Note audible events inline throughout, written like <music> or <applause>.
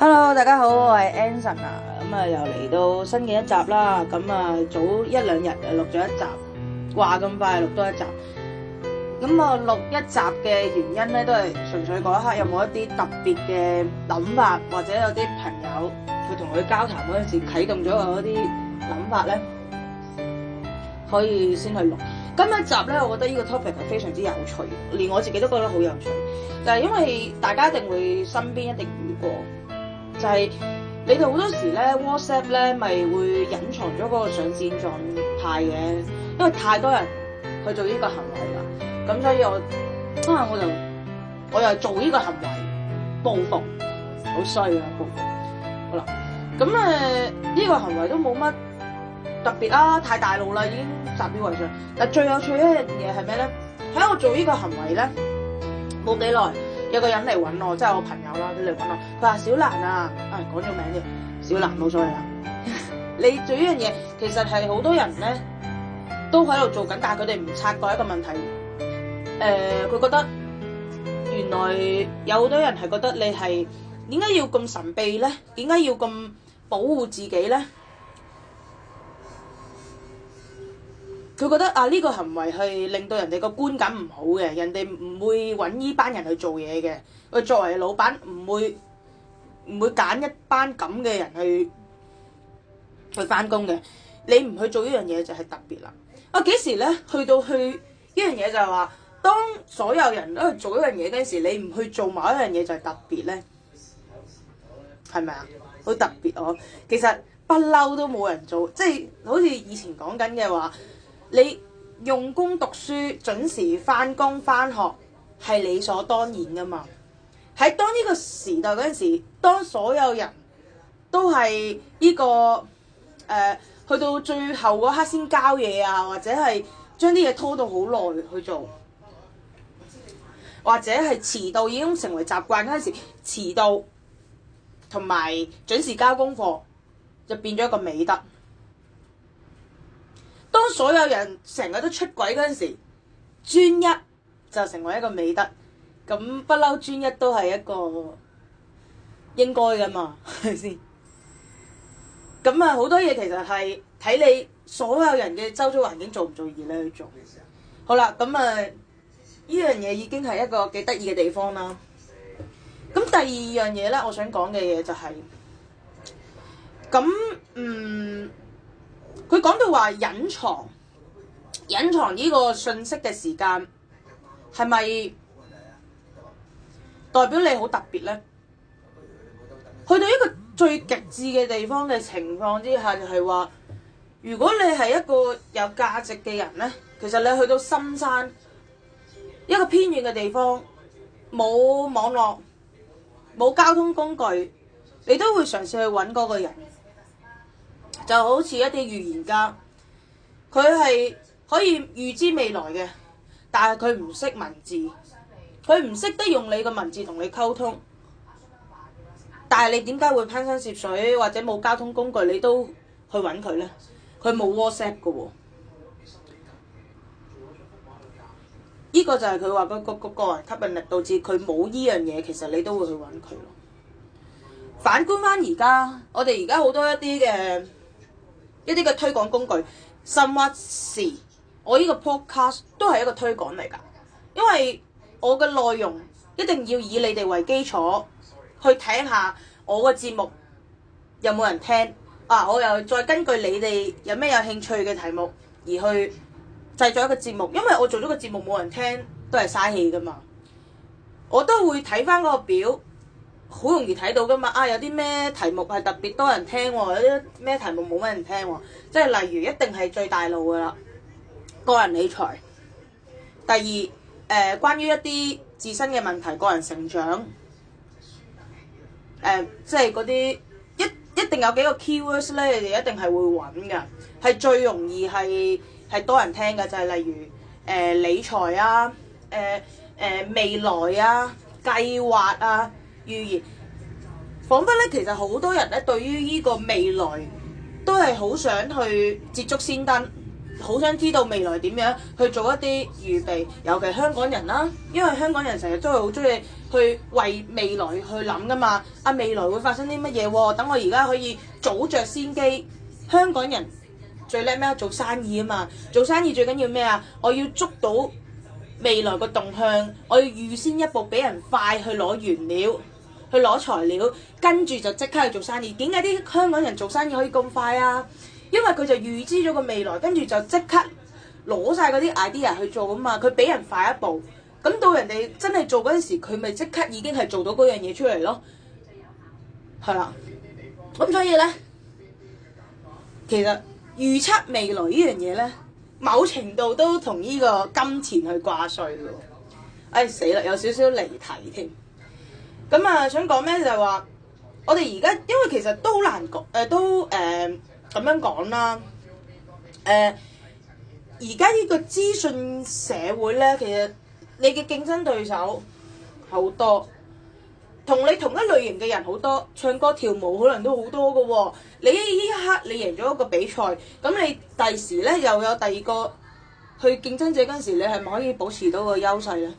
Hello，大家好，我係 Anson 啊。咁啊，又嚟到新嘅一集啦。咁啊，早一兩日就錄咗一集，話咁快錄多一集。咁、嗯、啊，錄一集嘅原因咧，都係純粹嗰一刻有冇一啲特別嘅諗法，或者有啲朋友佢同佢交談嗰陣時啟動咗我嗰啲諗法咧，可以先去錄。今一集咧，我覺得呢個 topic 係非常之有趣，連我自己都覺得好有趣，就係、是、因為大家一定會身邊一定遇過。就係、是、你哋好多時咧，WhatsApp 咧呢咪會隱藏咗嗰個上線狀態嘅，因為太多人去做呢個行為啦，咁所以我啊我就我又做呢個行為報復，好衰啊，報復，好啦，咁誒呢個行為都冇乜特別啦、啊，太大路啦，已經集表為上。但最有趣一樣嘢係咩咧？喺我做呢個行為咧冇幾耐。有個人嚟揾我，即係我朋友啦，佢嚟揾我，佢話：小蘭啊，誒、哎，講咗名啫，小蘭冇所謂啦。 <laughs> 你做依樣嘢，其實係好多人咧都喺度做緊，但係佢哋唔察覺一個問題。誒、呃，佢覺得原來有好多人係覺得你係點解要咁神秘咧？點解要咁保護自己咧？佢覺得啊，呢個行為係令到人哋個觀感唔好嘅，人哋唔會搵呢班人去做嘢嘅。佢作為老闆，唔會唔會揀一班咁嘅人去去返工嘅。你唔去做呢樣嘢就係特別啦。啊，幾時咧去到去呢樣嘢就係話，當所有人都去做一樣嘢嗰陣時，你唔去做某一樣嘢就係特別咧，係咪啊？好特別哦。其實不嬲都冇人做，即係好似以前講緊嘅話。你用功讀書、準時返工返學係理所當然㗎嘛？喺當呢個時代嗰陣時，當所有人都係呢、呢個誒、呃，去到最後嗰刻先交嘢啊，或者係將啲嘢拖到好耐去做，或者係遲到已經成為習慣嗰陣時，遲到同埋準時交功課就變咗一個美德。當所有人成日都出軌嗰陣時，專一就成為一個美德。咁不嬲，專一都係一個應該噶嘛，係咪先？咁啊，好多嘢其實係睇你所有人嘅周遭環境做唔做意咧去做嘅時候。好啦，咁啊，呢樣嘢已經係一個幾得意嘅地方啦。咁第二樣嘢咧，我想講嘅嘢就係，咁嗯。佢講到話隱藏隱藏呢個信息嘅時間係咪代表你好特別呢？去到一個最極致嘅地方嘅情況之下，就係話，如果你係一個有價值嘅人呢，其實你去到深山一個偏遠嘅地方，冇網絡、冇交通工具，你都會嘗試去揾嗰個人。就好似一啲預言家，佢係可以預知未來嘅，但係佢唔識文字，佢唔識得用你個文字同你溝通。但係你點解會攀山涉水或者冇交通工具，你都去揾佢呢？佢冇 WhatsApp 噶喎、哦。依個就係佢話嗰個人吸引力導致佢冇呢樣嘢，其實你都會去揾佢。反觀翻而家，我哋而家好多一啲嘅。一啲嘅推廣工具，甚或是我呢個 podcast 都係一個推廣嚟㗎，因為我嘅內容一定要以你哋為基礎，去睇下我嘅節目有冇人聽，啊，我又再根據你哋有咩有興趣嘅題目而去製作一個節目，因為我做咗個節目冇人聽都係嘥氣㗎嘛，我都會睇翻嗰個表。好容易睇到噶嘛啊！有啲咩題目係特別多人聽喎，有啲咩題目冇乜人聽喎。即係例如，一定係最大路噶啦。個人理財。第二，誒，關於一啲自身嘅問題，個人成長。誒，即係嗰啲一一定有幾個 keywords 咧，你哋一定係會揾㗎。係最容易係係多人聽嘅就係例如誒理財啊，誒誒未來啊，計劃啊。預言，仿佛咧，其實好多人咧，對於呢個未來都係好想去捷足先登，好想知道未來點樣去做一啲預備。尤其香港人啦，因為香港人成日都係好中意去為未來去諗噶嘛。啊，未來會發生啲乜嘢？等我而家可以早着先機。香港人最叻咩？做生意啊嘛。做生意最緊要咩啊？我要捉到未來個動向，我要預先一步俾人快去攞原料。去攞材料，跟住就即刻去做生意。點解啲香港人做生意可以咁快啊？因為佢就預知咗個未來，跟住就即刻攞晒嗰啲 idea 去做啊嘛！佢比人快一步，咁到人哋真係做嗰陣時，佢咪即刻已經係做到嗰樣嘢出嚟咯。係啦、啊，咁所以呢，其實預測未來呢樣嘢呢，某程度都同呢個金錢去掛帥嘅。唉、哎，死啦！有少少離題添。咁啊、嗯，想講咩就係話，我哋而家因為其實都難講，誒、呃、都誒咁、呃、樣講啦，誒而家呢個資訊社會咧，其實你嘅競爭對手好多，同你同一類型嘅人好多，唱歌跳舞可能都好多㗎喎、哦。你呢一刻你贏咗一個比賽，咁你第時咧又有第二個去競爭者嗰陣時，你係咪可以保持到個優勢咧？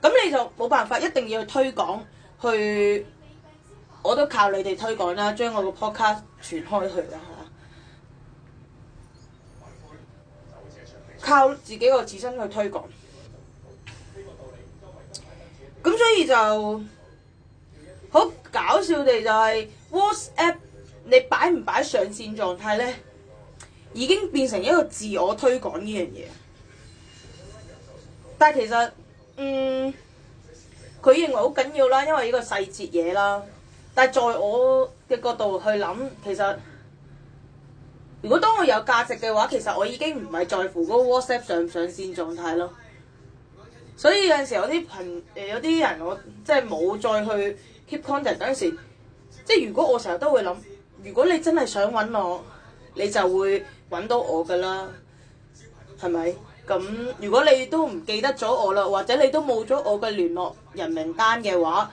咁你就冇辦法，一定要去推廣，去我都靠你哋推廣啦，將我個 podcast 傳開去啦嚇、啊，靠自己個自身去推廣。咁所以就好搞笑地就係、是、WhatsApp，你擺唔擺上線狀態呢？已經變成一個自我推廣呢樣嘢，但係其實。嗯，佢認為好緊要啦，因為呢個細節嘢啦。但係在我嘅角度去諗，其實如果當我有價值嘅話，其實我已經唔係在乎嗰個 WhatsApp 上唔上線狀態咯。所以有陣時有啲朋、誒，有啲人我即係冇再去 keep contact 嗰陣時，即係如果我成日都會諗，如果你真係想搵我，你就會搵到我㗎啦，係咪？咁如果你都唔記得咗我啦，或者你都冇咗我嘅聯絡人名單嘅話，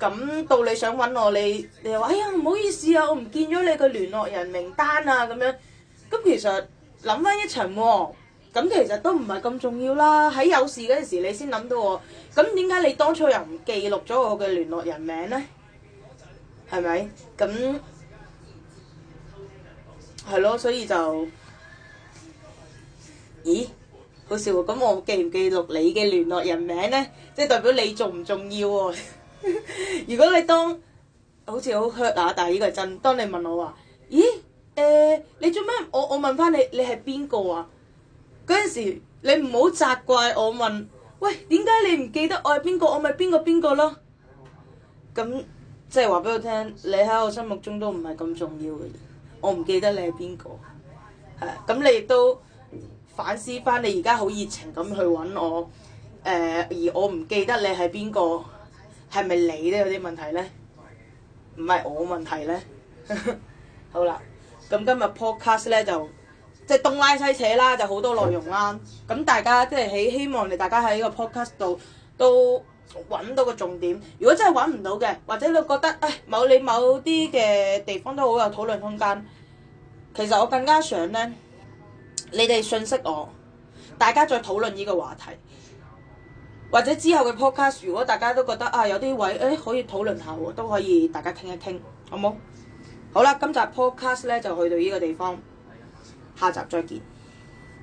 咁到你想揾我，你你又話，哎呀唔好意思啊，我唔見咗你嘅聯絡人名單啊咁樣，咁其實諗翻一層喎，咁、哦、其實都唔係咁重要啦。喺有事嗰時你先諗到我，咁點解你當初又唔記錄咗我嘅聯絡人名呢？係咪？咁係咯，所以就咦？好笑喎，咁我記唔記錄你嘅聯絡人名呢？即係代表你重唔重要喎、哦？ <laughs> 如果你當好似好 hurt 啊，但係呢個係真。當你問我話，咦？誒、呃，你做咩？我我問翻你，你係邊個啊？嗰陣時你唔好責怪我問，喂，點解你唔記得我係邊個？我咪邊個邊個咯？咁即係話俾我聽，你喺我心目中都唔係咁重要嘅，我唔記得你係邊個。係，咁你亦都。反思翻你而家好熱情咁去揾我，誒、呃、而我唔記得你係邊個，係咪你呢？有啲問題呢？唔係我問題呢。 <laughs> 好啦，咁今日 podcast 呢就即係、就是、東拉西扯啦，就好多內容啦。咁大家即係喺希望你大家喺呢個 podcast 度都揾到個重點。如果真係揾唔到嘅，或者你覺得誒某你某啲嘅地方都好有討論空間，其實我更加想呢。你哋訊息我，大家再討論呢個話題，或者之後嘅 podcast，如果大家都覺得啊有啲位，誒、欸、可以討論下都可以大家傾一傾，好冇？好啦，今集 podcast 咧就去到呢個地方，下集再見。